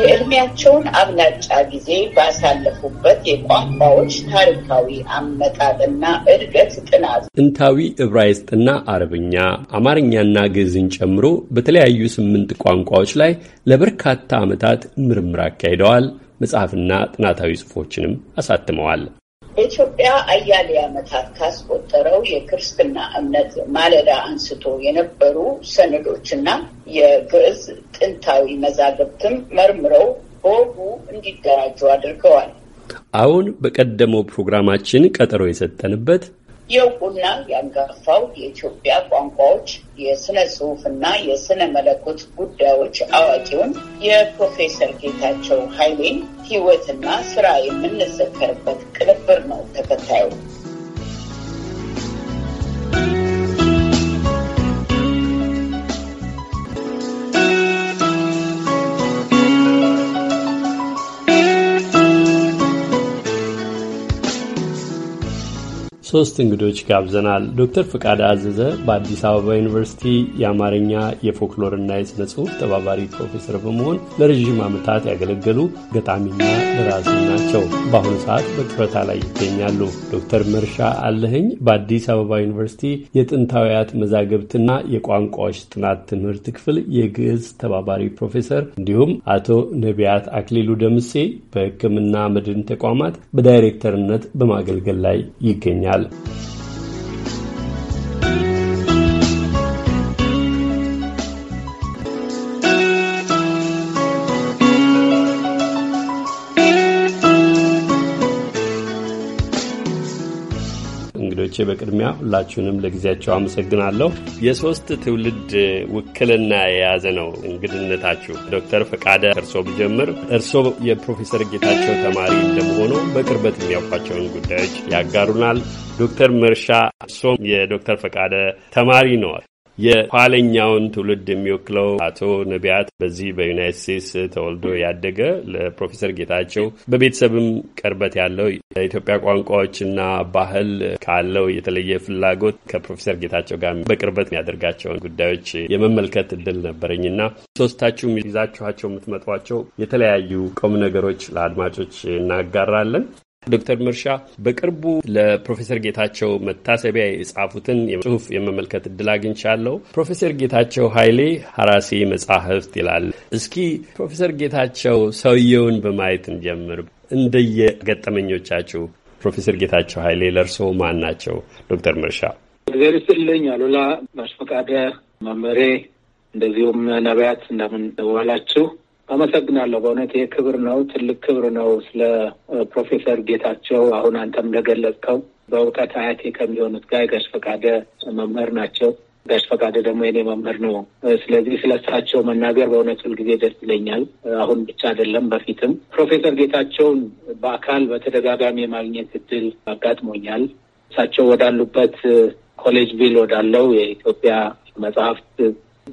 የእድሜያቸውን አብላጫ ጊዜ ባሳለፉበት የቋንቋዎች ታሪካዊ አመጣጥና እድገት ጥናት ጥንታዊ ዕብራይስጥና አረብኛ፣ አማርኛና ግዕዝን ጨምሮ በተለያዩ ስምንት ቋንቋዎች ላይ ለበርካታ ዓመታት ምርምር አካሂደዋል። መጽሐፍና ጥናታዊ ጽሑፎችንም አሳትመዋል። በኢትዮጵያ አያሌ ዓመታት ካስቆጠረው የክርስትና እምነት ማለዳ አንስቶ የነበሩ ሰነዶችና የግዕዝ ጥንታዊ መዛግብትም መርምረው በወጉ እንዲደራጁ አድርገዋል። አሁን በቀደመው ፕሮግራማችን ቀጠሮ የሰጠንበት የእውቁና ያንጋፋው የኢትዮጵያ ቋንቋዎች የሥነ ጽሑፍና የሥነ መለኮት ጉዳዮች አዋቂውን የፕሮፌሰር ጌታቸው ኃይሌን ሕይወትና ስራ የምንዘከርበት ቅንብር ነው ተከታዩ። ሶስት እንግዶች ጋብዘናል። ዶክተር ፍቃድ አዘዘ በአዲስ አበባ ዩኒቨርሲቲ የአማርኛ የፎክሎርና የሥነ ጽሑፍ ተባባሪ ፕሮፌሰር በመሆን ለረዥም ዓመታት ያገለገሉ ገጣሚና ደራሲ ናቸው። በአሁኑ ሰዓት በጡረታ ላይ ይገኛሉ። ዶክተር መርሻ አለህኝ በአዲስ አበባ ዩኒቨርሲቲ የጥንታውያት መዛግብትና የቋንቋዎች ጥናት ትምህርት ክፍል የግዕዝ ተባባሪ ፕሮፌሰር እንዲሁም አቶ ነቢያት አክሊሉ ደምሴ በሕክምና መድን ተቋማት በዳይሬክተርነት በማገልገል ላይ ይገኛል። تعالى እንግዶቼ በቅድሚያ ሁላችሁንም ለጊዜያቸው አመሰግናለሁ። የሶስት ትውልድ ውክልና የያዘ ነው እንግድነታችሁ። ዶክተር ፈቃደ እርሶ ብጀምር፣ እርሶ የፕሮፌሰር ጌታቸው ተማሪ እንደመሆኑ በቅርበት የሚያውቋቸውን ጉዳዮች ያጋሩናል። ዶክተር መርሻ እርሶም የዶክተር ፈቃደ ተማሪ ነዋል። የኋለኛውን ትውልድ የሚወክለው አቶ ነቢያት በዚህ በዩናይት ስቴትስ ተወልዶ ያደገ ለፕሮፌሰር ጌታቸው በቤተሰብም ቅርበት ያለው የኢትዮጵያ ቋንቋዎችና ባህል ካለው የተለየ ፍላጎት ከፕሮፌሰር ጌታቸው ጋር በቅርበት የሚያደርጋቸውን ጉዳዮች የመመልከት እድል ነበረኝ እና ሶስታችሁም ይዛችኋቸው የምትመጧቸው የተለያዩ ቁም ነገሮች ለአድማጮች እናጋራለን። ዶክተር ምርሻ በቅርቡ ለፕሮፌሰር ጌታቸው መታሰቢያ የጻፉትን ጽሁፍ የመመልከት እድል አግኝቻለሁ። ፕሮፌሰር ጌታቸው ኃይሌ ሀራሴ መጻሕፍት ይላል። እስኪ ፕሮፌሰር ጌታቸው ሰውየውን በማየት እንጀምር። እንደየገጠመኞቻችሁ ፕሮፌሰር ጌታቸው ኃይሌ ለእርስዎ ማን ናቸው? ዶክተር ምርሻ እግዚአብሔር ይስጥልኝ። አሉላ ባሽ መምሬ እንደዚሁም ነቢያት እንደምን ዋላችሁ? አመሰግናለሁ። በእውነት ይህ ክብር ነው፣ ትልቅ ክብር ነው። ስለ ፕሮፌሰር ጌታቸው አሁን አንተም እንደገለጽከው በእውቀት አያቴ ከሚሆኑት ጋር ጋሽ ፈቃደ መምህር ናቸው። ጋሽ ፈቃደ ደግሞ የኔ መምህር ነው። ስለዚህ ስለ እሳቸው መናገር በእውነት ሁልጊዜ ደስ ይለኛል። አሁን ብቻ አይደለም፣ በፊትም ፕሮፌሰር ጌታቸውን በአካል በተደጋጋሚ የማግኘት እድል አጋጥሞኛል። እሳቸው ወዳሉበት ኮሌጅ ቪል ወዳለው የኢትዮጵያ መጽሐፍት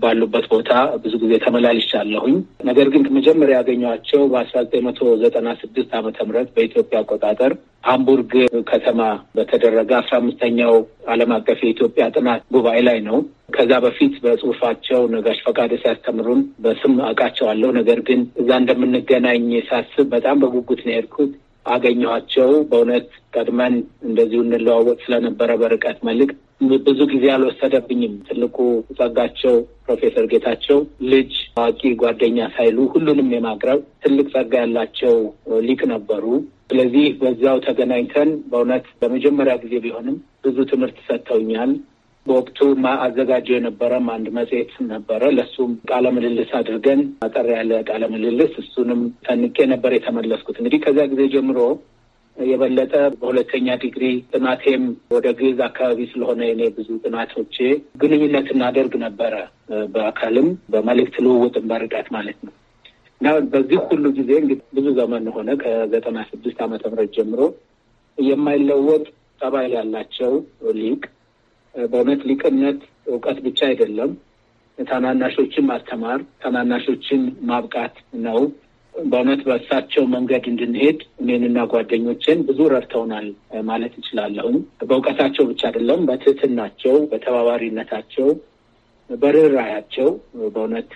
ባሉበት ቦታ ብዙ ጊዜ ተመላልሻለሁኝ። ነገር ግን መጀመሪያ ያገኟቸው በአስራ ዘጠኝ መቶ ዘጠና ስድስት ዓመተ ምህረት በኢትዮጵያ አቆጣጠር ሀምቡርግ ከተማ በተደረገ አስራ አምስተኛው ዓለም አቀፍ የኢትዮጵያ ጥናት ጉባኤ ላይ ነው። ከዛ በፊት በጽሁፋቸው ነጋሽ ፈቃደ ሲያስተምሩን በስም አውቃቸዋለሁ። ነገር ግን እዛ እንደምንገናኝ ሳስብ በጣም በጉጉት ነው የሄድኩት። አገኘኋቸው። በእውነት ቀድመን እንደዚሁ እንለዋወጥ ስለነበረ በርቀት መልክ ብዙ ጊዜ አልወሰደብኝም። ትልቁ ጸጋቸው ፕሮፌሰር ጌታቸው ልጅ አዋቂ ጓደኛ ሳይሉ ሁሉንም የማቅረብ ትልቅ ጸጋ ያላቸው ሊቅ ነበሩ። ስለዚህ በዚያው ተገናኝተን በእውነት በመጀመሪያ ጊዜ ቢሆንም ብዙ ትምህርት ሰጥተውኛል። በወቅቱ አዘጋጀ የነበረም አንድ መጽሔት ነበረ። ለሱም ቃለ ምልልስ አድርገን አጠር ያለ ቃለ ምልልስ እሱንም ፈንቄ ነበር የተመለስኩት። እንግዲህ ከዚያ ጊዜ ጀምሮ የበለጠ በሁለተኛ ዲግሪ ጥናቴም ወደ ግዕዝ አካባቢ ስለሆነ የኔ ብዙ ጥናቶቼ ግንኙነት እናደርግ ነበረ፣ በአካልም በመልእክት ልውውጥም በርቀት ማለት ነው እና በዚህ ሁሉ ጊዜ እንግዲህ ብዙ ዘመን ሆነ ከዘጠና ስድስት ዓመተ ምህረት ጀምሮ የማይለወጥ ጠባይ ያላቸው ሊቅ በእውነት ሊቅነት እውቀት ብቻ አይደለም፣ ታናናሾችን ማስተማር፣ ታናናሾችን ማብቃት ነው። በእውነት በእሳቸው መንገድ እንድንሄድ እኔንና ጓደኞችን ብዙ ረድተውናል ማለት እችላለሁኝ። በእውቀታቸው ብቻ አይደለም፣ በትህትናቸው፣ በተባባሪነታቸው፣ በርኅራኄያቸው በእውነት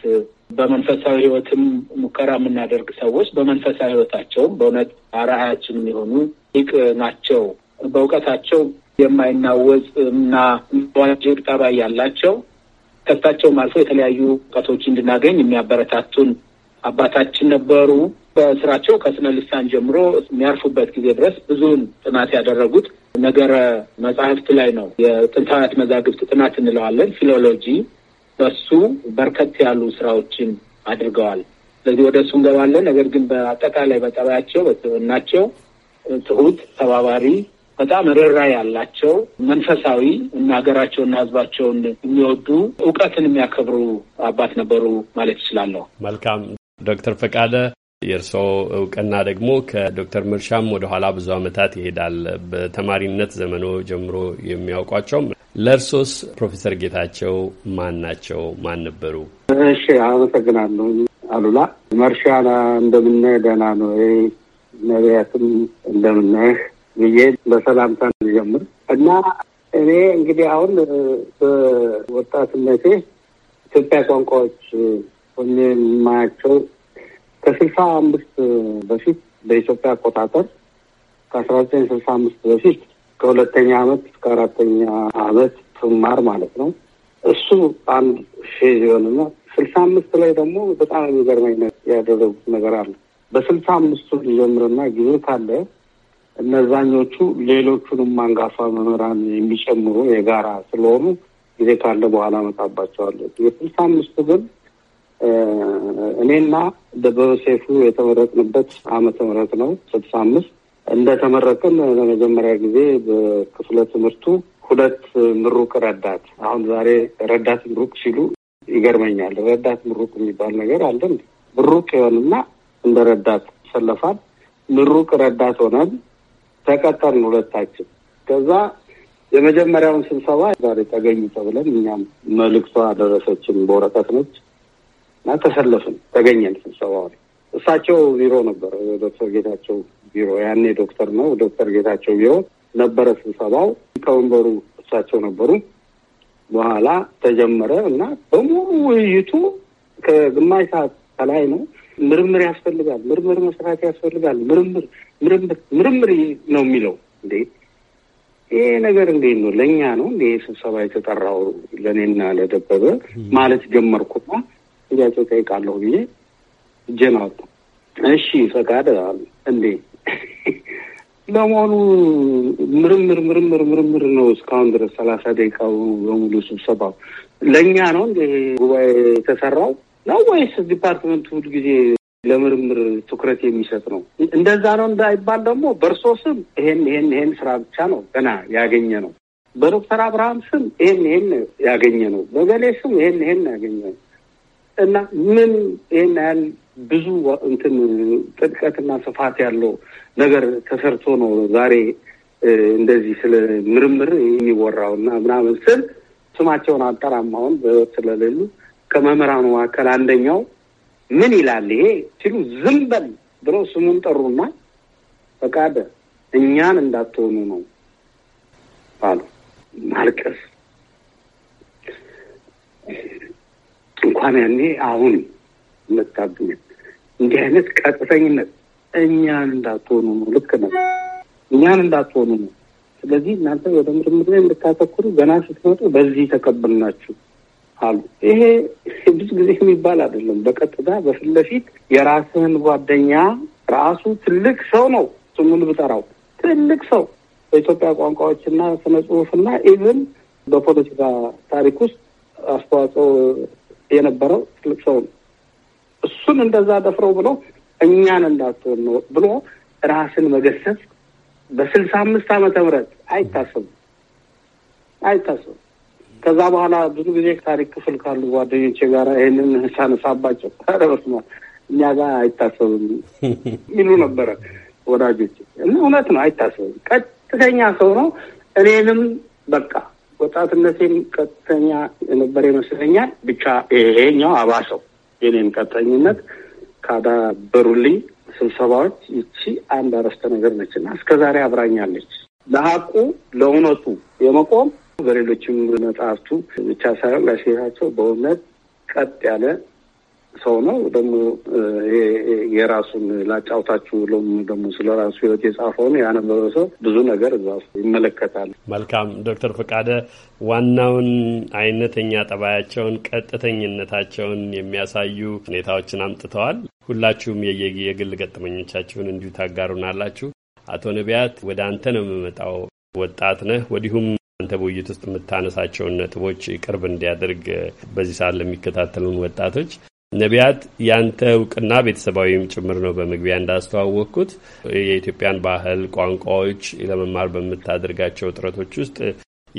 በመንፈሳዊ ህይወትም ሙከራ የምናደርግ ሰዎች በመንፈሳዊ ህይወታቸውም በእውነት አርአያችን የሆኑ ሊቅ ናቸው። በእውቀታቸው የማይናወዝ እና ዋጅብ ጠባይ ያላቸው ከእሳቸውም አልፎ የተለያዩ እውቀቶች እንድናገኝ የሚያበረታቱን አባታችን ነበሩ። በስራቸው ከስነ ልሳን ጀምሮ የሚያርፉበት ጊዜ ድረስ ብዙውን ጥናት ያደረጉት ነገረ መጽሐፍት ላይ ነው። የጥንታዊት መዛግብት ጥናት እንለዋለን፣ ፊሎሎጂ። በሱ በርከት ያሉ ስራዎችን አድርገዋል። ስለዚህ ወደ እሱ እንገባለን። ነገር ግን በአጠቃላይ በጠባያቸው በትህትናቸው ትሁት፣ ተባባሪ በጣም ርራ ያላቸው መንፈሳዊ እና ሀገራቸውና ህዝባቸውን የሚወዱ እውቀትን የሚያከብሩ አባት ነበሩ ማለት ይችላለሁ። መልካም ዶክተር ፈቃደ የእርስዎ እውቅና ደግሞ ከዶክተር መርሻም ወደኋላ ብዙ ዓመታት ይሄዳል። በተማሪነት ዘመኖ ጀምሮ የሚያውቋቸውም ለእርሶስ ፕሮፌሰር ጌታቸው ማን ናቸው? ማን ነበሩ? እሺ አመሰግናለሁ። አሉላ መርሻ እንደምናየ ደህና ነው ነቢያትም እንደምናየህ ብዬ በሰላምታ ጀምር እና እኔ እንግዲህ አሁን በወጣትነቴ ኢትዮጵያ ቋንቋዎች ሆኜ የማያቸው ከስልሳ አምስት በፊት በኢትዮጵያ አቆጣጠር ከአስራ ዘጠኝ ስልሳ አምስት በፊት ከሁለተኛ አመት እስከ አራተኛ አመት ትማር ማለት ነው። እሱ አንድ ፌዝ ይሆንና ስልሳ አምስት ላይ ደግሞ በጣም የሚገርመኝ ያደረጉት ነገር አለ። በስልሳ አምስቱ ሊጀምርና ጊዜ ካለ እነዛኞቹ ሌሎቹንም አንጋፋ መምህራን የሚጨምሩ የጋራ ስለሆኑ ጊዜ ካለ በኋላ መጣባቸዋለሁ። የስልሳ አምስቱ ግን እኔና በበሴፉ የተመረጥንበት አመተ ምህረት ነው ስልሳ አምስት እንደተመረጥን ለመጀመሪያ ጊዜ በክፍለ ትምህርቱ ሁለት ምሩቅ ረዳት አሁን ዛሬ ረዳት ምሩቅ ሲሉ ይገርመኛል። ረዳት ምሩቅ የሚባል ነገር አለ። ምሩቅ ይሆንና እንደ ረዳት ይሰለፋል። ምሩቅ ረዳት ሆነን ተቀጠርን ሁለታችን። ከዛ የመጀመሪያውን ስብሰባ ዛሬ ተገኙ ተብለን እኛም መልእክቷ ደረሰችን በወረቀት ነች እና ተሰለፍን ተገኘን ስብሰባ እሳቸው ቢሮ ነበር ዶክተር ጌታቸው ቢሮ ያኔ ዶክተር ነው ዶክተር ጌታቸው ቢሮ ነበረ ስብሰባው ከወንበሩ እሳቸው ነበሩ በኋላ ተጀመረ እና በሙሉ ውይይቱ ከግማሽ ሰዓት ከላይ ነው ምርምር ያስፈልጋል፣ ምርምር መስራት ያስፈልጋል። ምርምር ምርምር ምርምር ነው የሚለው እንዴ? ይሄ ነገር እንዴት ነው? ለእኛ ነው እንዴ ስብሰባ የተጠራው? ለእኔና ለደበበ ማለት ጀመርኩና ጥያቄ ጠይቃለሁ ብዬ እጄን አወጣሁ። እሺ ፈቃድ አሉ እንዴ ለመሆኑ ምርምር ምርምር ምርምር ነው እስካሁን ድረስ ሰላሳ ደቂቃው በሙሉ ስብሰባው ለእኛ ነው እንዴ ጉባኤ የተሰራው ነው ወይስ ዲፓርትመንቱ ሁል ጊዜ ለምርምር ትኩረት የሚሰጥ ነው? እንደዛ ነው እንዳይባል ደግሞ በእርሶ ስም ይሄን ይሄን ይሄን ስራ ብቻ ነው ገና ያገኘ ነው፣ በዶክተር አብርሃም ስም ይሄን ይሄን ያገኘ ነው፣ በገሌ ስም ይሄን ይሄን ያገኘ ነው እና ምን ይሄን ያህል ብዙ እንትን ጥልቀትና ስፋት ያለው ነገር ተሰርቶ ነው ዛሬ እንደዚህ ስለ ምርምር የሚወራው እና ምናምን ስል ስማቸውን አጠራማውን አሁን ስለሌሉ ከመምህራኑ መካከል አንደኛው ምን ይላል ይሄ ሲሉ ዝም በል ስሙን ጠሩና ፈቃደ እኛን እንዳትሆኑ ነው አሉ። ማልቀስ እንኳን ያኔ አሁን መጣብኝ። እንዲህ አይነት ቀጥተኝነት እኛን እንዳትሆኑ ነው። ልክ ነው፣ እኛን እንዳትሆኑ ነው። ስለዚህ እናንተ ወደ ምርምር ላይ እንድታተኩሩ ገና ስትመጡ በዚህ ተቀብልናችሁ አሉ። ይሄ ብዙ ጊዜ የሚባል አይደለም። በቀጥታ በፊት ለፊት የራስህን ጓደኛ ራሱ ትልቅ ሰው ነው ስሙን ብጠራው ትልቅ ሰው በኢትዮጵያ ቋንቋዎችና ስነ ጽሁፍና ኢቨን በፖለቲካ ታሪክ ውስጥ አስተዋጽኦ የነበረው ትልቅ ሰው ነው። እሱን እንደዛ ደፍረው ብሎ እኛን እንዳትሆን ነው ብሎ ራስን መገሰጽ በስልሳ አምስት ዓመተ ምህረት አይታሰብም አይታሰብም። ከዛ በኋላ ብዙ ጊዜ ታሪክ ክፍል ካሉ ጓደኞቼ ጋር ይህንን ሳነሳባቸው ረበስማ እኛ ጋር አይታሰብም ይሉ ነበረ ወዳጆች እና እውነት ነው፣ አይታሰብም። ቀጥተኛ ሰው ነው። እኔንም በቃ ወጣትነቴም ቀጥተኛ የነበረ ይመስለኛል። ብቻ ይሄኛው አባሰው የኔን ቀጥተኝነት ካዳበሩልኝ ስብሰባዎች ይቺ አንድ አረፍተ ነገር ነች እና እስከዛሬ አብራኛለች። ለሀቁ ለእውነቱ የመቆም በሌሎችም መጽሐፍቱ ብቻ ሳይሆን ጋሽናቸው በእውነት ቀጥ ያለ ሰው ነው። ደግሞ የራሱን ላጫውታችሁ ብሎ ደግሞ ስለ ራሱ ህይወት የጻፈውን ያነበበ ሰው ብዙ ነገር እዛ ይመለከታል። መልካም ዶክተር ፈቃደ ዋናውን አይነተኛ ጠባያቸውን ቀጥተኝነታቸውን የሚያሳዩ ሁኔታዎችን አምጥተዋል። ሁላችሁም የየግል ገጠመኞቻችሁን እንዲሁ ታጋሩናላችሁ። አቶ ነቢያት ወደ አንተ ነው የምመጣው። ወጣት ነህ፣ ወዲሁም አንተ በውይይት ውስጥ የምታነሳቸውን ነጥቦች ቅርብ እንዲያደርግ በዚህ ሰዓት ለሚከታተሉን ወጣቶች ነቢያት ያንተ እውቅና ቤተሰባዊም ጭምር ነው። በመግቢያ እንዳስተዋወቅኩት የኢትዮጵያን ባህል ቋንቋዎች ለመማር በምታደርጋቸው ጥረቶች ውስጥ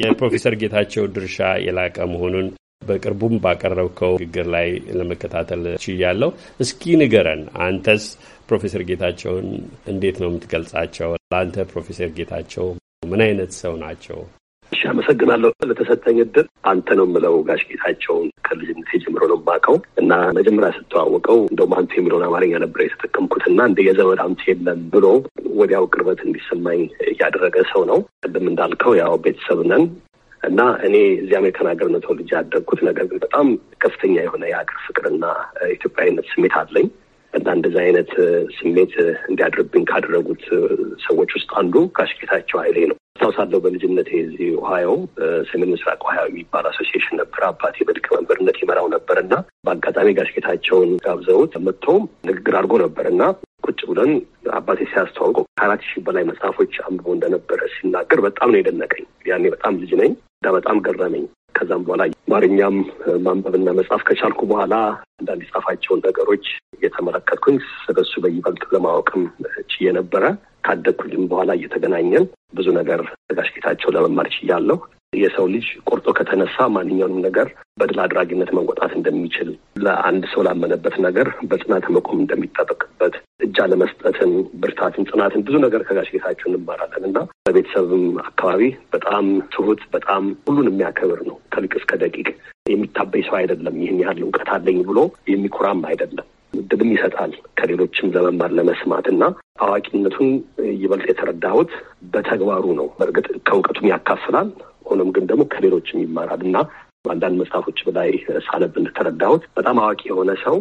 የፕሮፌሰር ጌታቸው ድርሻ የላቀ መሆኑን በቅርቡም ባቀረብከው ንግግር ላይ ለመከታተል ችያለሁ። እስኪ ንገረን፣ አንተስ ፕሮፌሰር ጌታቸውን እንዴት ነው የምትገልጻቸው? ለአንተ ፕሮፌሰር ጌታቸው ምን አይነት ሰው ናቸው? እሺ፣ አመሰግናለሁ ለተሰጠኝ እድል። አንተ ነው የምለው ጋሽ ጌታቸውን ከልጅነት ጀምሮ ነው የማውቀው እና መጀመሪያ ስተዋወቀው እንደውም አንተ የሚለውን አማርኛ ነበር የተጠቀምኩት እና እንደ የዘመድ አንተ የለም ብሎ ወዲያው ቅርበት እንዲሰማኝ እያደረገ ሰው ነው። ቅድም እንዳልከው ያው ቤተሰብ ነን እና እኔ እዚህ አሜሪካን ሀገር ነው ተወልጄ ያደግኩት። ነገር ግን በጣም ከፍተኛ የሆነ የሀገር ፍቅርና ኢትዮጵያዊነት ስሜት አለኝ። እና እንደዚህ አይነት ስሜት እንዲያድርብኝ ካደረጉት ሰዎች ውስጥ አንዱ ጋሽ ኃይሌ ነው። አስታውሳለሁ በልጅነት የዚህ ኦሃዮ ሰሜን ምስራቅ ኦሃዮ የሚባል አሶሲሽን ነበር። አባቴ በሊቀመንበርነት ይመራው ነበር እና በአጋጣሚ ጋሽ ጋብዘውት መጥተው ንግግር አድርጎ ነበር እና ቁጭ ብለን አባቴ ሲያስተዋውቀው ከአራት ሺህ በላይ መጽሐፎች አንብቦ እንደነበረ ሲናገር በጣም ነው የደነቀኝ። ያኔ በጣም ልጅ ነኝ እና በጣም ገረመኝ። ከዛም በኋላ አማርኛም ማንበብና መጽሐፍ ከቻልኩ በኋላ አንዳንድ የጻፋቸውን ነገሮች እየተመለከትኩኝ ስለሱ በይበልጥ ለማወቅም ችዬ ነበረ። ካደግኩኝም በኋላ እየተገናኘን ብዙ ነገር ጋሽ ጌታቸው ለመማር ችያለሁ። የሰው ልጅ ቆርጦ ከተነሳ ማንኛውንም ነገር በድል አድራጊነት መወጣት እንደሚችል፣ ለአንድ ሰው ላመነበት ነገር በጽናት መቆም እንደሚጠበቅበት፣ እጅ አለመስጠትን፣ ብርታትን፣ ጽናትን ብዙ ነገር ከጋሽ ጌታቸው እንማራለን እና በቤተሰብም አካባቢ በጣም ትሁት፣ በጣም ሁሉን የሚያከብር ነው። ከልቅ እስከ ደቂቅ የሚታበይ ሰው አይደለም። ይህን ያህል እውቀት አለኝ ብሎ የሚኩራም አይደለም። ድልም ይሰጣል ከሌሎችም ለመማር ለመስማት እና አዋቂነቱን ይበልጥ የተረዳሁት በተግባሩ ነው። በእርግጥ ከእውቀቱም ያካፍላል ሆኖም ግን ደግሞ ከሌሎችም ይማራል እና አንዳንድ መጽሐፎች ላይ ሳነብ እንደተረዳሁት በጣም አዋቂ የሆነ ሰው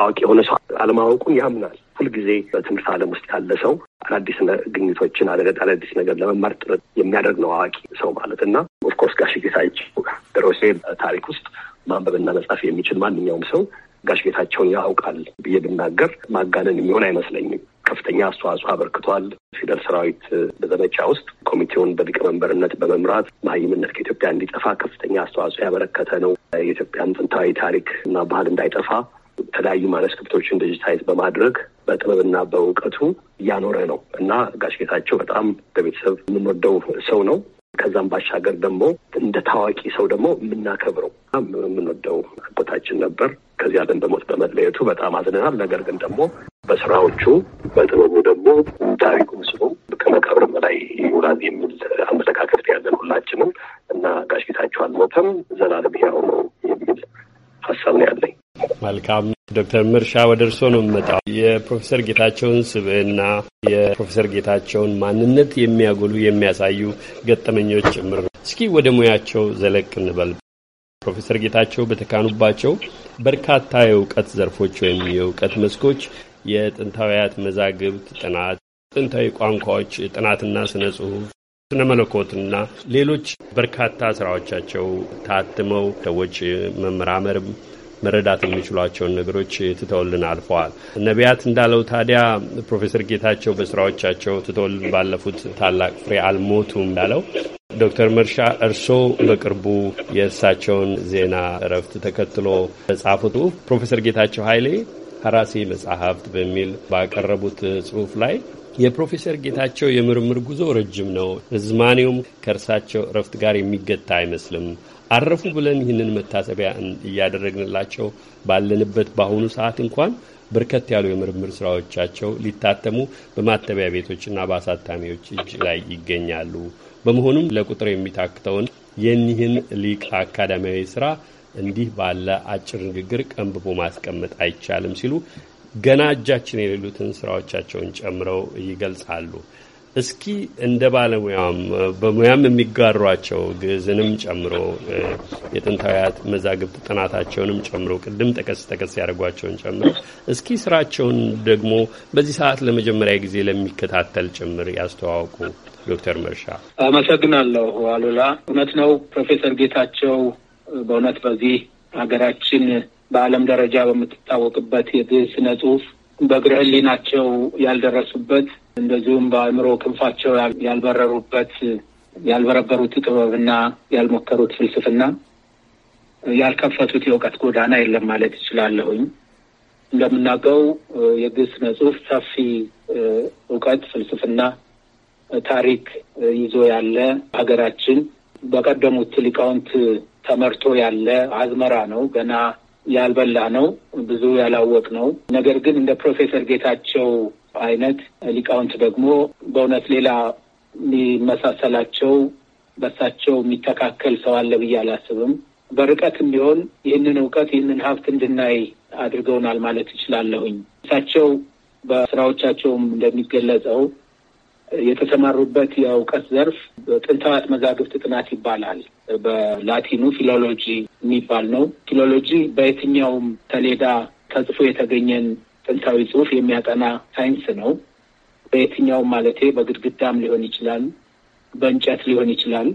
አዋቂ የሆነ ሰው አለማወቁን ያምናል። ሁልጊዜ በትምህርት ዓለም ውስጥ ያለ ሰው አዳዲስ ግኝቶችን አዳዲስ ነገር ለመማር ጥረት የሚያደርግ ነው አዋቂ ሰው ማለት እና ኦፍኮርስ ጋሽ ጌታቸው ደሮሴ ታሪክ ውስጥ ማንበብና መጻፍ የሚችል ማንኛውም ሰው ጋሽ ጌታቸውን ያውቃል ብዬ ብናገር ማጋነን የሚሆን አይመስለኝም። ከፍተኛ አስተዋጽኦ አበርክቷል። ፊደል ሰራዊት በዘመቻ ውስጥ ኮሚቴውን በሊቀመንበርነት በመምራት መሀይምነት ከኢትዮጵያ እንዲጠፋ ከፍተኛ አስተዋጽኦ ያበረከተ ነው። የኢትዮጵያን ጥንታዊ ታሪክ እና ባህል እንዳይጠፋ የተለያዩ ማነስክሪፕቶችን ዲጂታይዝ በማድረግ በጥበብና በእውቀቱ እያኖረ ነው እና ጋሽ ጌታቸው በጣም በቤተሰብ የምንወደው ሰው ነው። ከዛም ባሻገር ደግሞ እንደ ታዋቂ ሰው ደግሞ የምናከብረው የምንወደው አጎታችን ነበር። ከዚህ ዓለም በሞት በመለየቱ በጣም አዝነናል። ነገር ግን ደግሞ በስራዎቹ በጥበቡ ደግሞ ዳዊቁ ምስሉ ከመቃብርም በላይ ይውላል የሚል አመለካከት ያለን ሁላችንም እና ጋሽ ጌታቸው አልሞተም ዘላለም ያው ነው የሚል ሀሳብ ነው ያለኝ። መልካም ዶክተር ምርሻ ወደ እርስዎ ነው የምመጣው። የፕሮፌሰር ጌታቸውን ስብዕና የፕሮፌሰር ጌታቸውን ማንነት የሚያጎሉ የሚያሳዩ ገጠመኞች ጭምር ነው። እስኪ ወደ ሙያቸው ዘለቅ እንበል። ፕሮፌሰር ጌታቸው በተካኑባቸው በርካታ የእውቀት ዘርፎች ወይም የእውቀት መስኮች የጥንታውያት መዛግብት ጥናት፣ ጥንታዊ ቋንቋዎች ጥናትና ስነ ጽሁፍ ስነ መለኮትና ሌሎች በርካታ ስራዎቻቸው ታትመው ሰዎች መመራመር መረዳት የሚችሏቸውን ነገሮች ትተውልን አልፈዋል። ነቢያት እንዳለው ታዲያ ፕሮፌሰር ጌታቸው በስራዎቻቸው ትተውልን ባለፉት ታላቅ ፍሬ አልሞቱም እንዳለው ዶክተር መርሻ እርስዎ በቅርቡ የእሳቸውን ዜና እረፍት ተከትሎ በጻፉት ፕሮፌሰር ጌታቸው ኃይሌ ሀራሴ መጽሐፍት በሚል ባቀረቡት ጽሁፍ ላይ የፕሮፌሰር ጌታቸው የምርምር ጉዞ ረጅም ነው፣ ርዝማኔውም ከእርሳቸው እረፍት ጋር የሚገታ አይመስልም። አረፉ ብለን ይህንን መታሰቢያ እያደረግንላቸው ባለንበት በአሁኑ ሰዓት እንኳን በርከት ያሉ የምርምር ስራዎቻቸው ሊታተሙ በማተቢያ ቤቶችና በአሳታሚዎች እጅ ላይ ይገኛሉ። በመሆኑም ለቁጥር የሚታክተውን የኒህን ሊቅ አካዳሚያዊ ስራ እንዲህ ባለ አጭር ንግግር ቀንብቦ ማስቀመጥ አይቻልም ሲሉ ገና እጃችን የሌሉትን ስራዎቻቸውን ጨምረው ይገልጻሉ። እስኪ እንደ ባለሙያም በሙያም የሚጋሯቸው ግዕዝንም ጨምሮ የጥንታዊያት መዛግብት ጥናታቸውንም ጨምሮ ቅድም ጠቀስ ጠቀስ ያደርጓቸውን ጨምሮ እስኪ ስራቸውን ደግሞ በዚህ ሰዓት ለመጀመሪያ ጊዜ ለሚከታተል ጭምር ያስተዋውቁ። ዶክተር መርሻ አመሰግናለሁ። አሉላ እውነት ነው ፕሮፌሰር ጌታቸው በእውነት በዚህ ሀገራችን በዓለም ደረጃ በምትታወቅበት ስነ ጽሁፍ በእግረ ህሊናቸው ያልደረሱበት እንደዚሁም በአእምሮ ክንፋቸው ያልበረሩበት ያልበረበሩት ጥበብና ያልሞከሩት ፍልስፍና ያልከፈቱት የእውቀት ጎዳና የለም ማለት ይችላለሁኝ። እንደምናውቀው የግዕዝ ስነ ጽሁፍ ሰፊ እውቀት፣ ፍልስፍና፣ ታሪክ ይዞ ያለ ሀገራችን በቀደሙት ሊቃውንት ተመርቶ ያለ አዝመራ ነው። ገና ያልበላ ነው፣ ብዙ ያላወቅ ነው። ነገር ግን እንደ ፕሮፌሰር ጌታቸው አይነት ሊቃውንት ደግሞ በእውነት ሌላ የሚመሳሰላቸው በሳቸው የሚተካከል ሰው አለ ብዬ አላስብም። በርቀትም ቢሆን ይህንን እውቀት ይህንን ሀብት እንድናይ አድርገውናል ማለት ይችላለሁኝ። እሳቸው በስራዎቻቸውም እንደሚገለጸው የተሰማሩበት የእውቀት ዘርፍ ጥንታዊት መዛግብት ጥናት ይባላል። በላቲኑ ፊሎሎጂ የሚባል ነው። ፊሎሎጂ በየትኛውም ሰሌዳ ተጽፎ የተገኘን ጥንታዊ ጽሑፍ የሚያጠና ሳይንስ ነው። በየትኛውም ማለቴ በግድግዳም ሊሆን ይችላል፣ በእንጨት ሊሆን ይችላል፣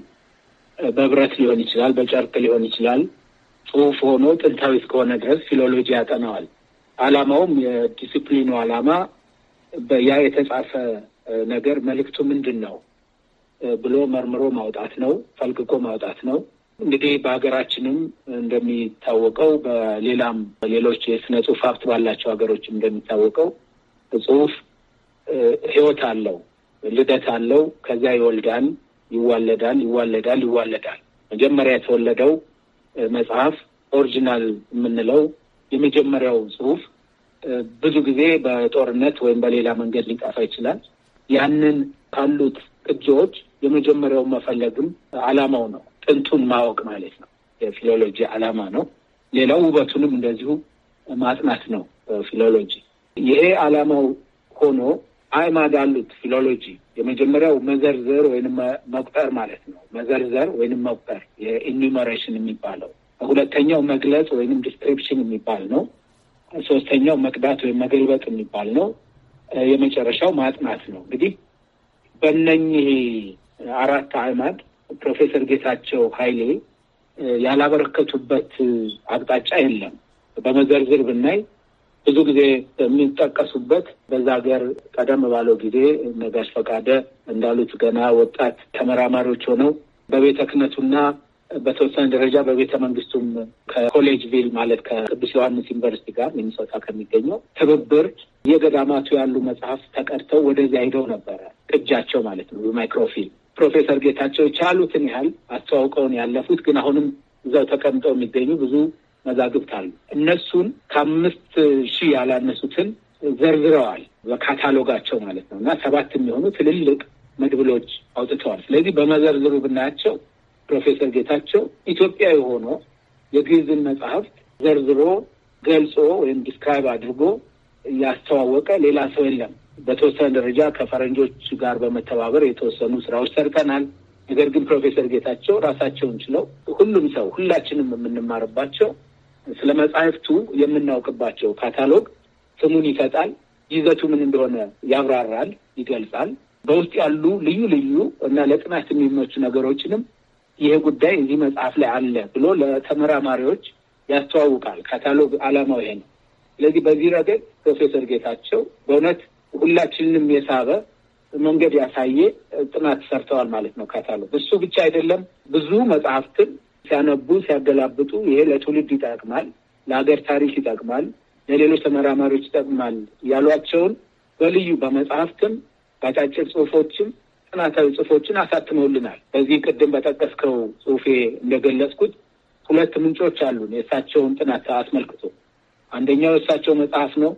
በብረት ሊሆን ይችላል፣ በጨርቅ ሊሆን ይችላል። ጽሑፍ ሆኖ ጥንታዊ እስከሆነ ድረስ ፊሎሎጂ ያጠናዋል። ዓላማውም የዲስፕሊኑ ዓላማ ያ የተጻፈ ነገር መልእክቱ ምንድን ነው ብሎ መርምሮ ማውጣት ነው፣ ፈልቅቆ ማውጣት ነው። እንግዲህ በሀገራችንም እንደሚታወቀው በሌላም ሌሎች የስነ ጽሁፍ ሀብት ባላቸው ሀገሮች እንደሚታወቀው ጽሁፍ ህይወት አለው፣ ልደት አለው። ከዚያ ይወልዳል፣ ይዋለዳል፣ ይዋለዳል፣ ይዋለዳል። መጀመሪያ የተወለደው መጽሐፍ ኦሪጂናል የምንለው የመጀመሪያው ጽሁፍ ብዙ ጊዜ በጦርነት ወይም በሌላ መንገድ ሊጠፋ ይችላል። ያንን ካሉት ቅጂዎች የመጀመሪያው መፈለግም ዓላማው ነው። ጥንቱን ማወቅ ማለት ነው። የፊሎሎጂ ዓላማ ነው። ሌላው ውበቱንም እንደዚሁ ማጥናት ነው ፊሎሎጂ። ይሄ ዓላማው ሆኖ አይማድ አሉት ፊሎሎጂ የመጀመሪያው መዘርዘር ወይንም መቁጠር ማለት ነው። መዘርዘር ወይንም መቁጠር የኢኒሜሬሽን የሚባለው ሁለተኛው መግለጽ ወይንም ዲስክሪፕሽን የሚባል ነው። ሶስተኛው መቅዳት ወይም መገልበጥ የሚባል ነው። የመጨረሻው ማጥናት ነው። እንግዲህ በእነኚህ አራት አዕማድ ፕሮፌሰር ጌታቸው ኃይሌ ያላበረከቱበት አቅጣጫ የለም። በመዘርዝር ብናይ ብዙ ጊዜ የሚጠቀሱበት በዛ ሀገር ቀደም ባለው ጊዜ ነጋሽ ፈቃደ እንዳሉት ገና ወጣት ተመራማሪዎች ሆነው በቤተ ክህነቱና በተወሰነ ደረጃ በቤተ መንግስቱም ከኮሌጅ ቪል ማለት ከቅዱስ ዮሐንስ ዩኒቨርሲቲ ጋር ሚኒሶታ ከሚገኘው ትብብር የገዳማቱ ያሉ መጽሐፍ ተቀድተው ወደዚያ ሄደው ነበረ ቅጃቸው ማለት ነው በማይክሮፊልም። ፕሮፌሰር ጌታቸው የቻሉትን ያህል አስተዋውቀውን ያለፉት ግን አሁንም እዛው ተቀምጠው የሚገኙ ብዙ መዛግብት አሉ። እነሱን ከአምስት ሺህ ያላነሱትን ዘርዝረዋል በካታሎጋቸው ማለት ነው እና ሰባት የሚሆኑ ትልልቅ መድብሎች አውጥተዋል። ስለዚህ በመዘርዝሩ ብናያቸው ፕሮፌሰር ጌታቸው ኢትዮጵያዊ የሆነ የግዕዝን መጽሐፍት ዘርዝሮ ገልጾ ወይም ዲስክራይብ አድርጎ እያስተዋወቀ ሌላ ሰው የለም። በተወሰነ ደረጃ ከፈረንጆች ጋር በመተባበር የተወሰኑ ስራዎች ሰርተናል። ነገር ግን ፕሮፌሰር ጌታቸው ራሳቸውን ችለው ሁሉም ሰው ሁላችንም የምንማርባቸው ስለ መጽሐፍቱ የምናውቅባቸው ካታሎግ ስሙን ይሰጣል፣ ይዘቱ ምን እንደሆነ ያብራራል፣ ይገልጻል። በውስጥ ያሉ ልዩ ልዩ እና ለጥናት የሚመቹ ነገሮችንም ይሄ ጉዳይ እዚህ መጽሐፍ ላይ አለ ብሎ ለተመራማሪዎች ያስተዋውቃል። ካታሎግ ዓላማው ይሄ ነው። ስለዚህ በዚህ ረገድ ፕሮፌሰር ጌታቸው በእውነት ሁላችንንም የሳበ መንገድ ያሳየ ጥናት ሰርተዋል ማለት ነው። ካታሎግ እሱ ብቻ አይደለም፣ ብዙ መጽሐፍትን ሲያነቡ ሲያገላብጡ፣ ይሄ ለትውልድ ይጠቅማል፣ ለሀገር ታሪክ ይጠቅማል፣ ለሌሎች ተመራማሪዎች ይጠቅማል ያሏቸውን በልዩ በመጽሐፍትም በአጫጭር ጽሁፎችም ጥናታዊ ጽሁፎችን አሳትመውልናል። በዚህ ቅድም በጠቀስከው ጽሁፌ እንደገለጽኩት ሁለት ምንጮች አሉን የእሳቸውን ጥናት አስመልክቶ አንደኛው የእሳቸው መጽሐፍ ነው።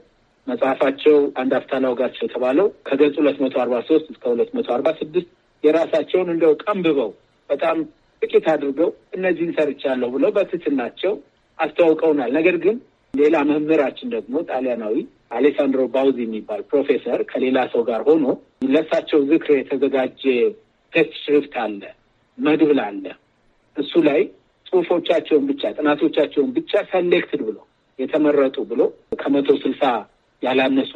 መጽሐፋቸው አንድ አፍታ ላውጋቸው የተባለው ከገጽ ሁለት መቶ አርባ ሶስት እስከ ሁለት መቶ አርባ ስድስት የራሳቸውን እንደው ቀንብበው በጣም ጥቂት አድርገው እነዚህን ሰርቻለሁ ብለው በትትናቸው አስተዋውቀውናል። ነገር ግን ሌላ መምህራችን ደግሞ ጣሊያናዊ አሌሳንድሮ ባውዚ የሚባል ፕሮፌሰር ከሌላ ሰው ጋር ሆኖ ለእሳቸው ዝክር የተዘጋጀ ቴክስት ሽርፍት አለ፣ መድብል አለ። እሱ ላይ ጽሁፎቻቸውን ብቻ ጥናቶቻቸውን ብቻ ሰሌክትድ ብለው የተመረጡ ብሎ ከመቶ ስልሳ ያላነሱ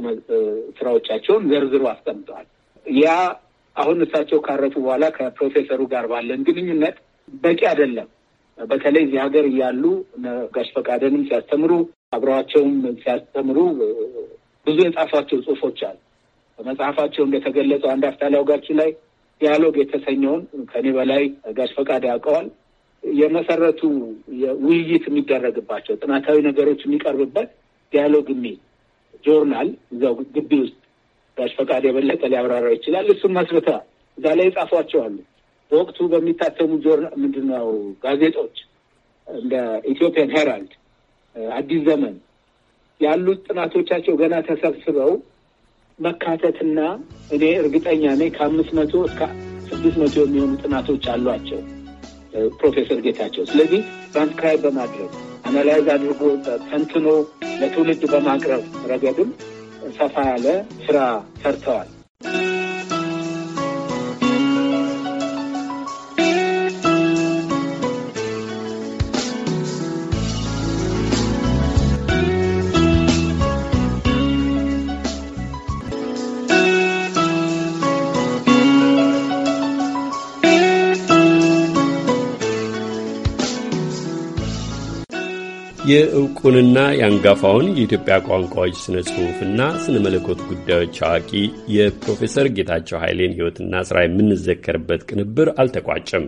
ስራዎቻቸውን ዘርዝሮ አስቀምጠዋል። ያ አሁን እሳቸው ካረፉ በኋላ ከፕሮፌሰሩ ጋር ባለን ግንኙነት በቂ አይደለም። በተለይ እዚህ ሀገር እያሉ ጋሽ ፈቃደንም ሲያስተምሩ አብረዋቸውም ሲያስተምሩ ብዙ የጻፏቸው ጽሁፎች አሉ። በመጽሐፋቸው እንደተገለጸው አንድ አፍታ ላይ ላይ ዲያሎግ የተሰኘውን ከኔ በላይ ጋሽ ፈቃድ ያውቀዋል። የመሰረቱ ውይይት የሚደረግባቸው ጥናታዊ ነገሮች የሚቀርብበት ዲያሎግ የሚል ጆርናል እዛው ግቢ ውስጥ ጋሽ ፈቃድ የበለጠ ሊያብራራ ይችላል። እሱም መስርታ እዛ ላይ ጻፏቸዋሉ። በወቅቱ በሚታተሙ ጆርናል ምንድነው ጋዜጦች እንደ ኢትዮጵያን ሄራልድ፣ አዲስ ዘመን ያሉት ጥናቶቻቸው ገና ተሰብስበው መካተትና እኔ እርግጠኛ ነኝ ከአምስት መቶ እስከ ስድስት መቶ የሚሆኑ ጥናቶች አሏቸው። ፕሮፌሰር ጌታቸው። ስለዚህ ትራንስክራይብ በማድረግ አናላይዝ አድርጎ ተንትኖ ለትውልድ በማቅረብ ረገድም ሰፋ ያለ ስራ ሰርተዋል። የእውቁንና የአንጋፋውን የኢትዮጵያ ቋንቋዎች ስነ ጽሑፍና ስነ መለኮት ጉዳዮች አዋቂ የፕሮፌሰር ጌታቸው ኃይሌን ሕይወትና ሥራ የምንዘከርበት ቅንብር አልተቋጨም።